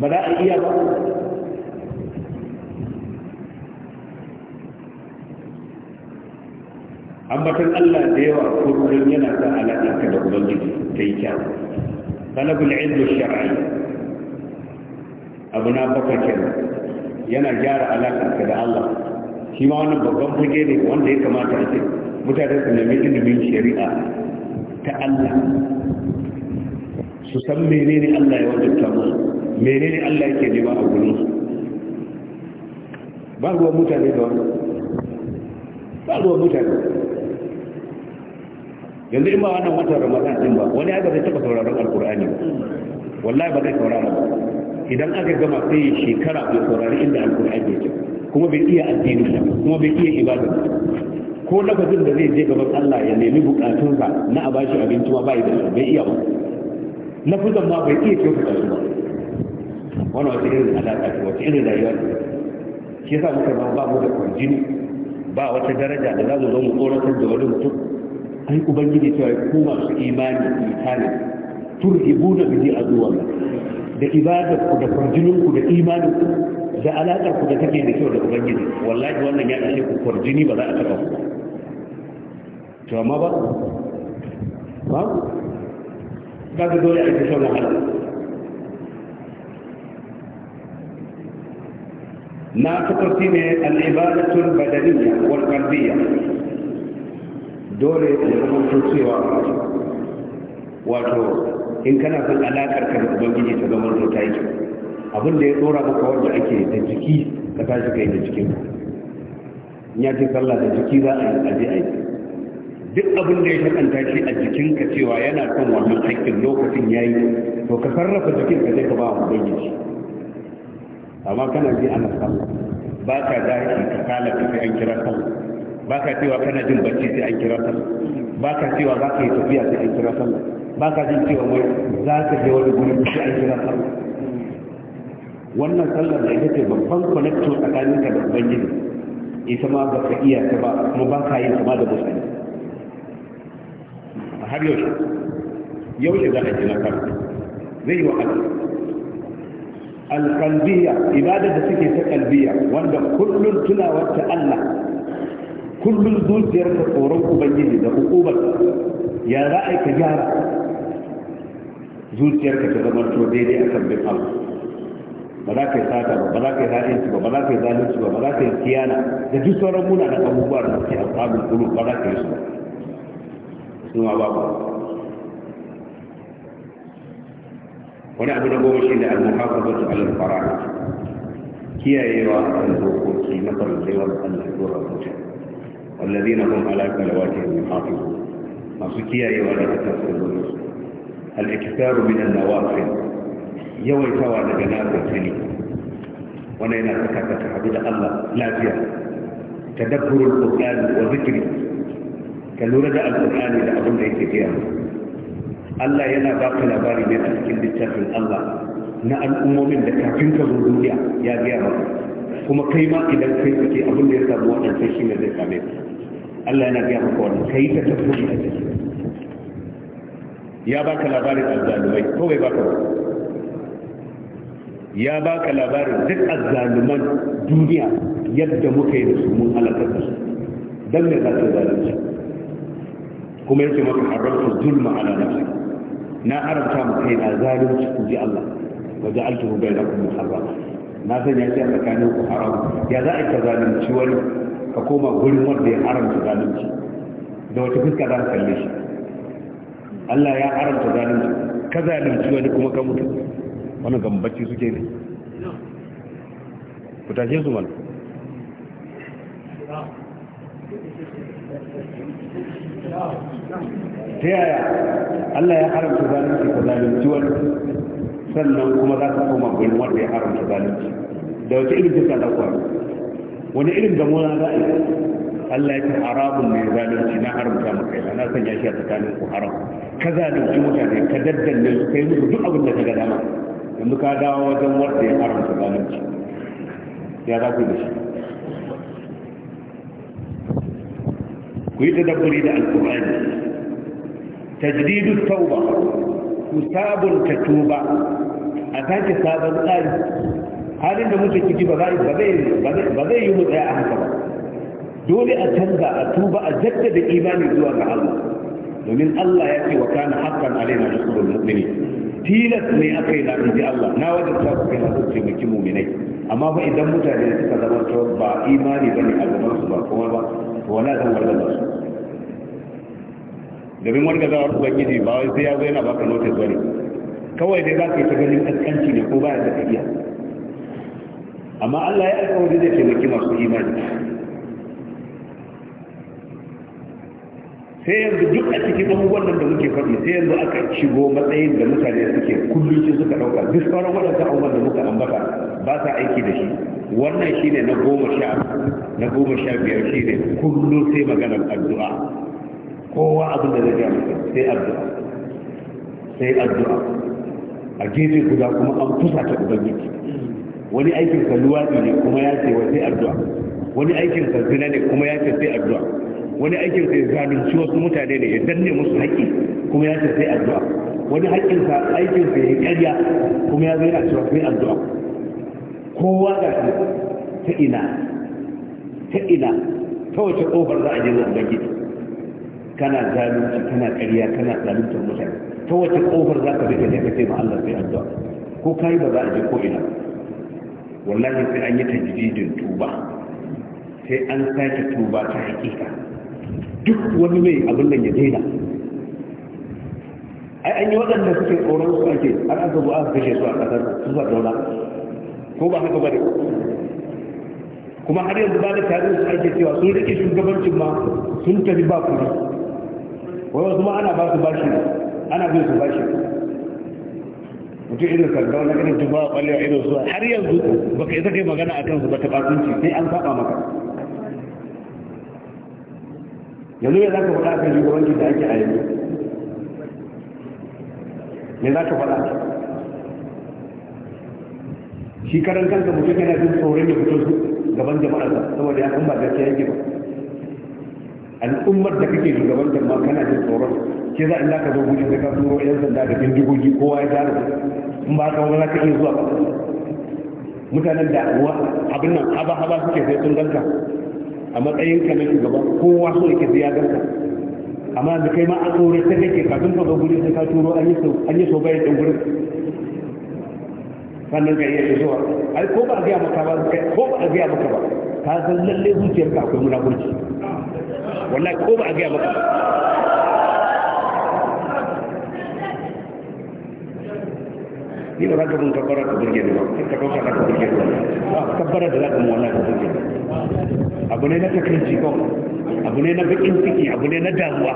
mu ba za a iya ba ambatan Allah da yawa ko kullum yana da alaƙa da ubangiji ta yi kyau talabul ilmu shar'i abu na baka kenan yana gyara alaƙa da Allah shi ma wannan babban fage ne wanda ya kamata a ce mutane su nemi ilimin shari'a ta Allah su san menene Allah ya wajabta musu menene Allah yake nema a gurin su ba ruwa mutane da wani ba ruwa mutane yanzu in ba wannan watan ramadan din ba wani aka zai taba sauraron alkur'ani wallahi ba zai saurara ba idan aka gama sai shekara bai saurari inda alkur'ani ce kuma bai iya addini kuma bai iya ibada ko lafazin da zai je gaban Allah ya nemi bukatunsa na a bashi abinci ma bai da su bai iya ba lafazan ma bai iya kyautata su ba wani wata irin alaƙa ce wata irin rayuwa ce shi yasa muka ba mu da kwarjini ba wata daraja da za mu zo mu tsoratar da wani mutum ai ubangiji cewa ku masu imani ku tare turhibuna bihi azuwa da ibadarku da kwarjininku da imaninku da alaƙarku da take da kyau da ubangiji wallahi wannan ya ishe ku kwarjini ba za a taɓa ku to amma ba ba ka ga dole a ita shan wahala na takwas ne al'ibadatul badaniya wal qalbiyya dole ya zama cewa wato in kana son alakar ka da ubangiji ta zama to ta yi abin da ya dora maka wanda ake da jiki ka tashi kai da jikin ka in ya ce sallah da jiki za a yi aje a duk abin da ya shakanta shi a jikin ka cewa yana son wannan aikin lokacin ya yi to ka sarrafa jikin ka zai ka ba ubangiji amma kana ji ana sallah ba ka dashi ka kala ka sai an kira sallah ba ka cewa kana jin bacci sai an kira sallah ba ka cewa za ka yi tafiya sai an kira sallah ba ka jin cewa wai za ka je wani guri sai an kira sallah wannan sallar da ita ce babban connecto tsakanin ka da ubangiji ita ma ba ka iya ta ba kuma ba ka yi kuma da mutane a har yaushe yaushe za a ji na zai yi wa aji. alƙalbiya ibada da suke ta kalbiya wanda kullum tunawarta Allah kullum zuciyar ka tsoron ubangiji da hukumar ya za a yi ka gyara zuciyar ka ta zama to daidai a kan bin abu ba za ka yi sata ba ba za ka yi zalunci ba ba za ka yi zalunci ba ba za ka yi kiyana da duk sauran muna da abubuwa da suke a tsabin kulu ba za ka yi su ba sun ba ba wani abu na goma shi ne al-muhafazatu al-fara'id kiyayewa kan dokoki na farillewar Allah ya dora mutane والذين هم على صلواتهم يحافظون masu kiyayewa da ta tsoron su al minan na an yawaitawa daga nafili Wani yana saka ka ta hadu da Allah lafiya tadabburul qur'an wa zikiri. ka lura da al da abin da yake gaya Allah yana ba ka labari ne a cikin littafin Allah na al'ummomin da kafin ka zo duniya ya gaya maka kuma kai ma idan kai kake abin da ya samu waɗancan shi ne zai same ka Allah yana gaya maka wannan kai ta tafi a ciki ya baka labarin azzalumai ko bai baka ba ya baka labarin duk azzaluman duniya yadda muka yi da su mun halakar da su dan ne za ka zalunci kuma yake maka haramta zulma ala nafsi na haramta mu kai na zalunci ku ji Allah wa ja'altuhu bainakum muharrama na sanya shi a tsakanin ku haram ya za a yi ka zalunci wani ka koma gurin wanda ya haramta zalunci da wata fuska za ka kalle shi Allah ya haramta zalunci ka zalunci wani kuma ka mutu wani gambaci suke ne ku tashe su mana ta yaya Allah ya haramta zalunci ka zalunci wani sannan kuma za ka koma yin wanda ya haramta zalunci da wata irin duka za ku wani irin da muna za a yi Allah ya ce haramun mai zalunci na haramta maka yana na sanya shi a tsakanin ku haram ka zalunci mutane ka daddanne su kai musu duk abin da ka ga dama yanzu ka dawo wajen wanda ya haramta zalunci ya za ku da shi ku yi tadabburi da alƙur'ani tajdidu tauba ku sabunta tuba a sake sabon tsari halin da muke ciki ba zai yi mu tsaya a haka ba dole a canza a tuba a jaddada imani zuwa ga Allah domin Allah ya ce wa kana haqqan alaina nasrul mu'minin tilas ne aka yi na inji Allah na wajen ta ku kana sun taimaki mu'minai amma ba idan mutane suka zama to ba imani ba ne a gaban su ba kuma ba to wala zan wargaza su domin wani wargazawar ubangiji ba wai sai ya zo yana baka notice bane kawai dai za ka yi ta ganin kaskanci ne ko bayan da ka iya amma Allah ya alƙawari ke maki masu imani sai yanzu duk a cikin ɗan wannan da muke faɗi sai yanzu aka shigo matsayin da mutane suke kullum shi suka ɗauka duk faran waɗansu abubuwan da muka ambata ba sa aiki da shi wannan shine na goma sha na goma sha biyar shine kullum sai maganar addu'a kowa abin da zai ga sai addu'a sai addu'a a gefe guda kuma an kusa ta ubangiji wani aikin sa luwaɗi ne kuma ya ce wa sai addu'a wani aikin sa zina ne kuma ya ce sai addu'a wani aikin sa zalunci wasu mutane ne ya danne musu haƙƙi kuma ya ce sai addu'a wani haƙƙin sa aikin sa ya ƙarya kuma ya zaina cewa sai addu'a kowa ga shi ta ina ta ina ta wace ƙofar za a je wa ubangiji kana zalunci kana ƙarya kana zaluntar mutane ta wace kofar za ka zai ka je ka Allah sai zuwa? ko kai ba za a je ko ina wallahi sai an yi tajjidin tuba sai an sake tuba ta hakika duk wani mai abin nan ya daina ai an yi waɗanda suke tsoron su ake an aka zuwa aka kashe su a ƙasar su za zauna ko ba haka ba ne kuma har yanzu ba da tarihin su ake cewa sun rike shugabancin ma sun tafi ba kuɗi wai wasu ma ana ba su bashi ne ana bin su bashi mutum irin sardauna irin duba a kwallewa irin zuwa har yanzu ba ka isa kai magana a kansu ba ta bakunci sai an saba maka yanzu yanzu za ka faɗa kan shugabanci da ake a yanzu me za ka faɗa shi karan kanka mutum yana jin tsoron ya fito gaban jama'ar sa saboda ya san ba gaskiya yake ba al'ummar da kake shugabantar ma kana jin tsoron ke za in za ka zo gudu da ka turo yan sanda da bindigogi kowa ya taro in ba ka wani za ka iya zuwa mutanen da abin nan haba-haba suke sai sun ganka a matsayin ka na shugaba kowa so yake sai ya ganka amma da kai ma a tsore ta kake kafin ka zo gudu sai ka turo an yi so bayan ɗan gurin sannan ka iya zuwa ai ko ba a gaya maka ba ko ba a gaya maka ba ka san lalle zuciyarka akwai munafurci wallahi ko ba a gaya maka ba ni ba za ka mun kabbara ka burge ni ba ka kauka ka burge ni ba kabbara da za ka mun wala ka burge ni abu ne na takaici ko abu ne na bakin ciki abu ne na damuwa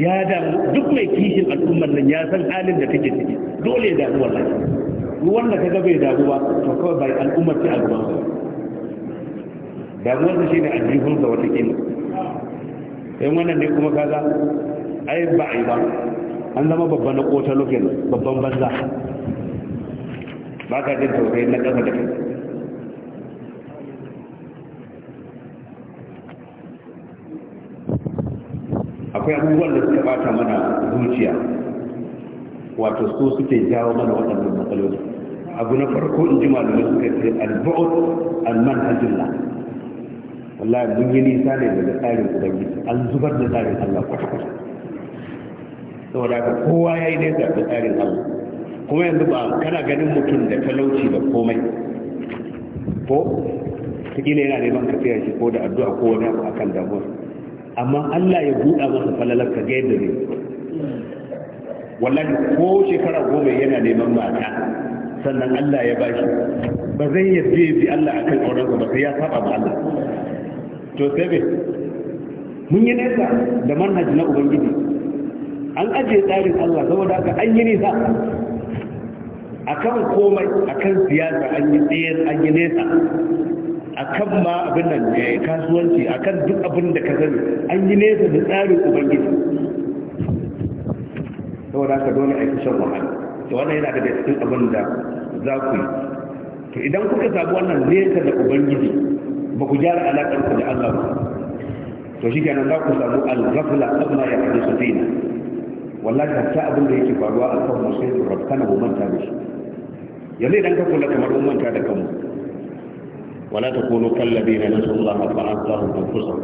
ya da duk mai kishin al'ummar nan ya san halin da take ciki dole da ya damu wannan wanda kaga bai damu ba to kawai bai al'ummar ta al'ummar ba damuwar da shi ne ajihun ga wata kila sai wannan ne kuma kaga ai ba ai ba an zama babban na kota lokin babban banza ba ka jin tausayi na ƙasa da kai akwai abubuwan da suka bata mana zuciya wato su suke jawo mana waɗannan matsaloli abu na farko in ji malamai suka ce al alman al wallahi mun yi nisa ne daga tsarin ubangiji an zubar da tsarin Allah kwata-kwata saboda haka kowa ya yi nesa da tsarin Allah kuma yanzu ba kana ganin mutum da talauci da komai ko ne yana neman ka tsaya shi ko da addu'a ko wani abu akan damuwa amma Allah ya buɗa masa falalar ka ga yadda ne wallahi ko shekara goma yana neman mata sannan Allah ya shi ba zai yadda ya bi Allah akan auren ba sai ya saba ba Allah to sai mun yi nesa da manhaji na ubangiji an ajiye tsarin Allah saboda haka an yi nisa akan komai akan siyasa an yi tsayar an yi nesa akan ma abin nan eh, kasuwanci akan duk abin da ka sani an yi nesa da tsarin ubangiji saboda haka dole a yi shan wahala to wannan yana daga cikin abin da za ku yi to idan kuka sabu wannan nesa da ubangiji ba ku gyara alaƙar ku da Allah ba to shi kenan za ku samu al-ghafla amma ya hadisu fina wallahi hatta abin da yake faruwa a kan musai da rabkana mu manta da shi yanzu idan ka kula kamar mun manta da kanmu wala takunu kallabina nasullaha fa atahum kusa.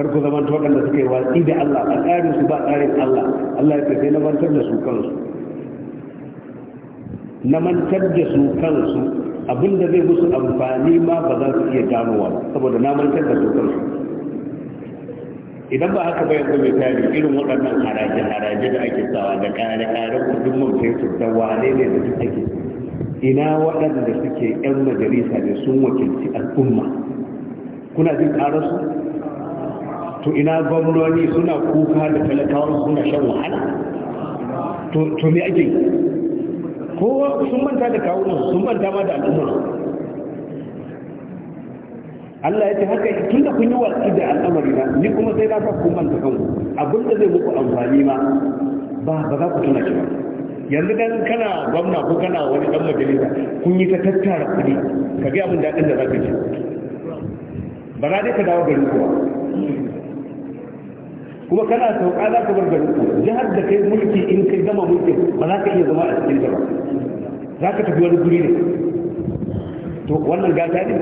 kar ku zaman to wadanda suka yi watsi da Allah a tsarin su ba tsarin Allah Allah ya sai na mantar da su kansu na mantar da su kansu abinda zai musu amfani ma ba za su iya ganowa saboda na mantar da su kansu idan ba haka ba yanzu misali irin waɗannan haraje-haraje da ake sawa da ƙare-ƙaren kudin man fetur da wane ne da duk ake ina waɗanda suke 'yan majalisa ne sun wakilci al'umma kuna jin ƙararsu to ina gwamnoni suna kuka da talakawar suna shan wahala to me ake kowa sun manta da kawunan sun manta ma da al'umma Allah ya ce haka tun da kun yi watsi da al'amari na ni kuma sai na sa kun manta kanku abin da zai muku amfani ma ba ba za ku tuna shi ba yanzu dan kana gwamna ko kana wani dan majalisa kun yi ta tattara kuɗi ka ga abin daɗin da za ka ci ba za dai ka dawo gari kuwa kuma kana sauka za ka bar gari jihar da kai mulki in kai gama mulki ba za ka iya zama a cikin ta ba za ka tafi wani guri ne to wannan gata ne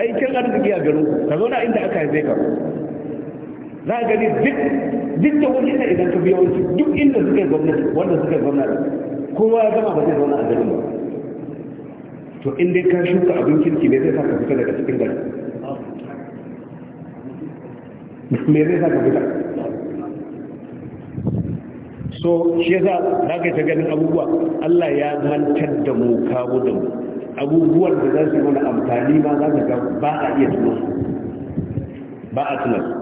ai kin arziki a garin ku ka zauna inda aka haife ka za ka gani duk duk da wani ina idan ka biya wanci duk inda suka gwamnati wanda suka gwamnati kowa ya gama ba zai zauna a garin ba to in dai ka shuka abin kirki ne zai sa ka fita daga cikin gari me zai sa ka fita so shi yasa za ka ta ganin abubuwa Allah ya mantar da mu kawo da mu abubuwan da za su yi mana amfani ma za su ga ba a iya tuna su ba a tuna su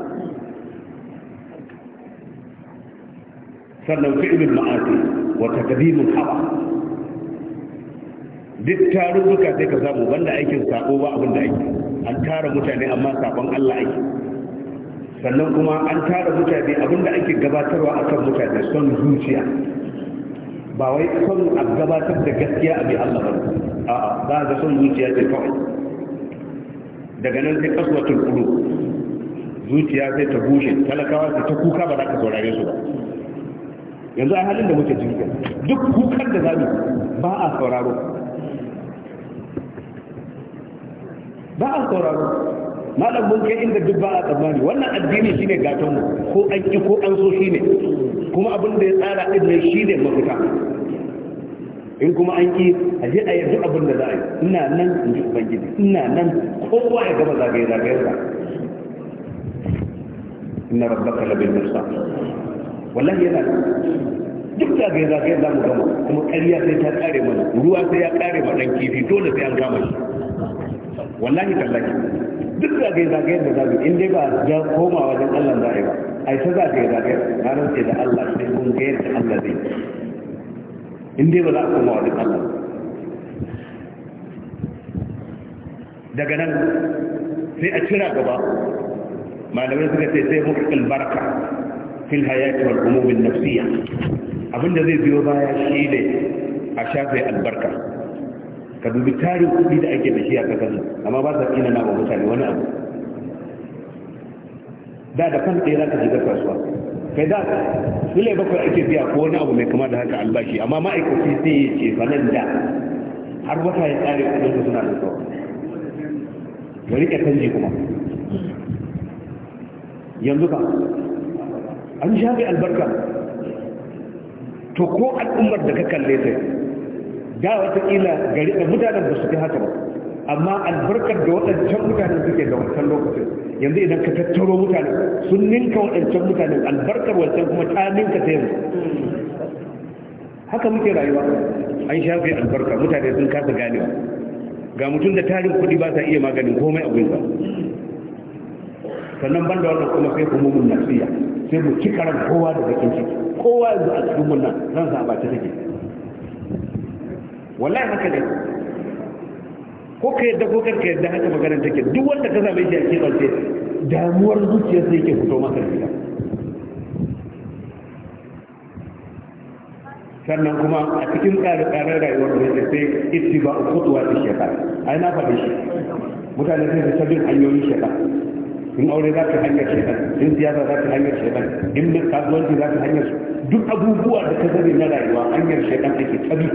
sannan fi'ilin ma'asi wa takdimin hawa duk duka sai ka samu banda aikin sako ba abin da ake an tara mutane amma sakon Allah ake sannan kuma an tara mutane abin da ake gabatarwa akan mutane son zuciya ba wai son a gabatar da gaskiya a bi Allah ba a'a za a ga son zuciya ce kawai daga nan sai kasuwatin kudu zuciya sai ta bushe talakawa sai ta kuka ba za ka saurare su ba yanzu a halin da muke jirga duk kukan da zamu ba a sauraro ba a sauraro malam mun kai inda duk ba a tsammani wannan addini shine gaton mu ko an ki ko an so shine kuma abin da ya tsara din ne shine mafita in kuma an ki a je a yanzu abin da za a yi ina nan in ji ubangiji ina nan kowa ya gama zagaye zagayarsa Ina rabbaka labin mursa wallahi yana duk zagaye zagaye za mu gama kuma ƙarya sai ta kare mana ruwa sai ya kare ma dan kifi dole sai an kama shi wallahi tallahi duk zagaye zagaye da zabi in dai ba ya koma wajen Allah za a yi ba ai ta zagaye zagaye na rantse da Allah sai kun ga yadda Allah zai in dai ba za a koma wani Allah daga nan sai a cira gaba malamai suka ce sai muhaqil baraka fil hayati wal umum an nafsiyya abinda zai biyo baya shi ne a shafe albarka ka dubi tarin kuɗi da ake da shi a kasar amma ba sa kina na wa mutane wani abu da da kan ɗaya za ka shiga kasuwa kai da sule bakwai ake biya ko wani abu mai kama da haka albashi amma ma'aikaci sai ya ce sanan da har wata ya tsare kudin su suna da tsawo ya rike canji kuma yanzu ka an bi albarka to ko al'ummar da ka kalle ta da kila gari da mutanen da su kai haka ba amma albarkar da waɗancan mutanen suke da wancan lokacin yanzu idan ka tattaro mutane sun ninka waɗancan mutanen albarkar wancan kuma ta ninka ta yanzu haka muke rayuwa an shafe albarka mutane sun kasa ganewa ga mutum da tarin kuɗi ba sa iya maganin komai a gunsa sannan ban da wannan kuma sai kuma mun nasiya sai mu ci karan kowa da bakin ciki kowa yanzu a cikin mun nan ransa a bace take wallahi haka ne ko ka yadda ko karka yadda haka maganar take duk wanda ka zama yake a ce, damuwar zuciya sai yake fito masa gida sannan kuma a cikin tsare tsare rayuwar da sai itti ba kutuwa ta shekar a na faɗi shi mutane sai su sabbin hanyoyin shekar in aure za ta hanyar shekar in siyasa za ta hanyar shekar in kasuwanci za ta hanyar duk abubuwa da ka sani na rayuwa hanyar shekar ake tabi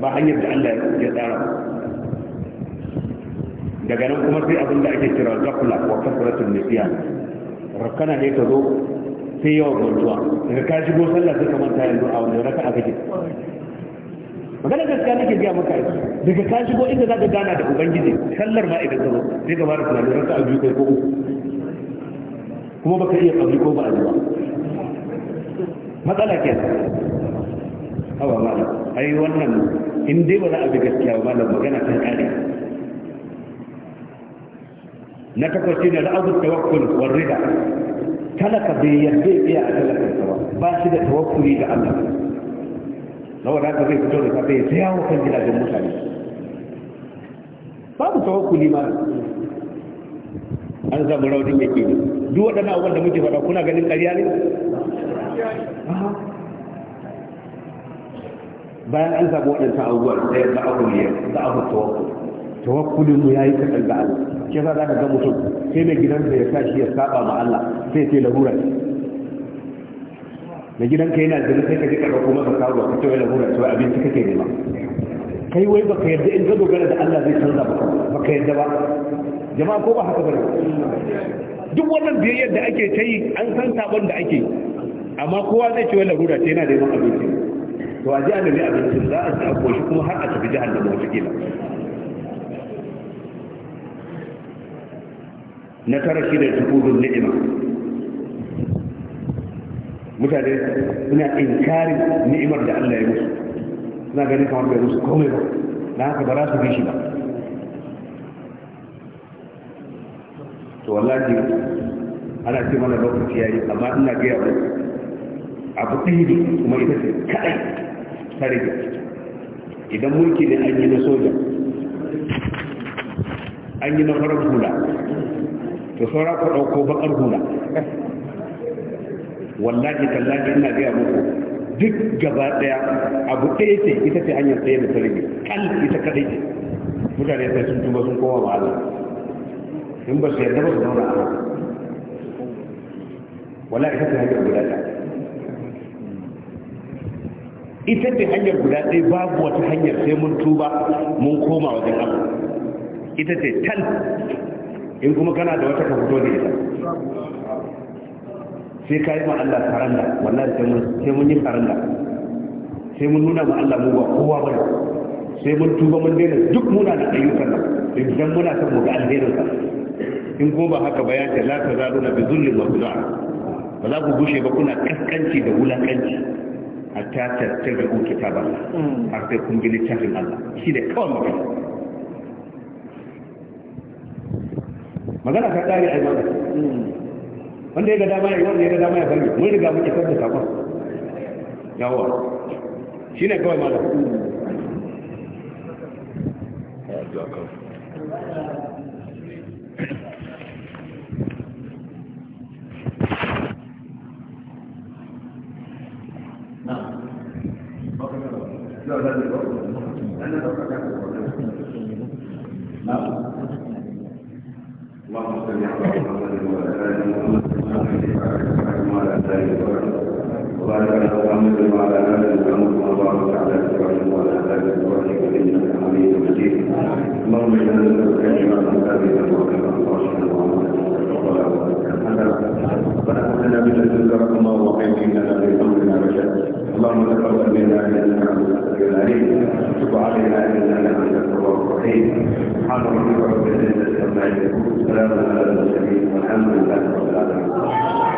ba hanyar da allah ya tsara daga nan kuma sai abin da ake kira gafla wa kasratul nisyan rakana ne ka zo sai yau mantuwa daga ka shigo sallah sai ka manta yanzu a wani raka'a kake magana gaskiya nake biya maka aiki daga ka shigo inda zaka gana da ubangiji sallar ma idan zama sai ka fara tunanin raka'a biyu kai ko uku kuma baka iya kabli ko ba a zuwa matsala ke hawa ma ai wannan in dai ba za a bi gaskiya ba malam magana kan kare na takwas shine al'azur tawakkul wa rida talaka bai yarda iya a talakan ba ba shi da tawakkuli ga Allah lawa da ka zai fito da safe ya yawo kan jiragen mutane babu tawakkuli ma an samu raunin yake ne duk waɗannan abubuwan da muke faɗa kuna ganin ƙarya ne bayan an zama waɗansa abubuwan sai da abu ne da abu tawakkuli tawakkulin ya yi kaɗan ga Allah ke za ka ga mutum sai mai gidansa ya sa shi ya saba ma Allah sai sai larura da gidanka yana da sai ka ji ka kuma ka kawo ka tawaye larura to abinci kake nema kai wai baka yarda in ka dogara da Allah zai canza baka baka yarda ba jama'a ko ba haka bane duk wannan biyayyar da ake ta yi an san sabon da ake amma kowa zai ce wai larura ce yana da yawan abinci to a ji annabi abincin za a ci a koshi kuma har a tafi jahannama wata kila na tara shi da tukudun ni'ima mutane suna inkarin ni'imar da Allah ya musu suna ganin kamar bai musu komai ba na haka ba za su bi shi ba to wallahi ana ce mana lokaci yayi amma ina gaya wa abu ɗaya kuma ita ce kaɗai tare da. idan mulki ne an yi na soja an yi na farar hula to saura ku ɗauko bakar hula wallahi tallahi ina gaya muku duk gaba ɗaya abu ɗaya ce ita ce hanyar tsaye da sarari kal ita kaɗai ce mutane sai sun tuba sun kowa ba Allah in ba su yarda ba su zauna a nan wala ita ce hanyar guda ɗaya ita ce hanyar guda ɗaya babu wata hanyar sai mun tuba mun koma wajen abu ita ce tal in kuma kana da wata ka fito da ita sai ka yi ma Allah karanda wallahi sai mun yi karanda sai mun nuna ma Allah mu ba kowa bane sai mun tuba mun daina duk muna da ayyukan nan idan muna son mu ga alherin sa in kuma ba haka bayan ta, ce la tazaluna bi dhullin wa khudar ba za ku gushe ba kuna kaskanci da wulakanci ta tattar da kitaba hmm. har sai kun bi littafin Allah shi da kawai magana magana ta kare a imanu wanda ya ga dama ya wanda ya ga dama ya bari mun riga muke sabda sakon yawa shi kawai malam Bakun da biyu da suka kuma wa aiki na da ya kamfi na rashe. اللهم تقبل منا انك انت السميع العليم وتب علينا انك انت التواب الرحيم سبحان ربك رب العزه عما يصفون سلام على المرسلين والحمد لله رب العالمين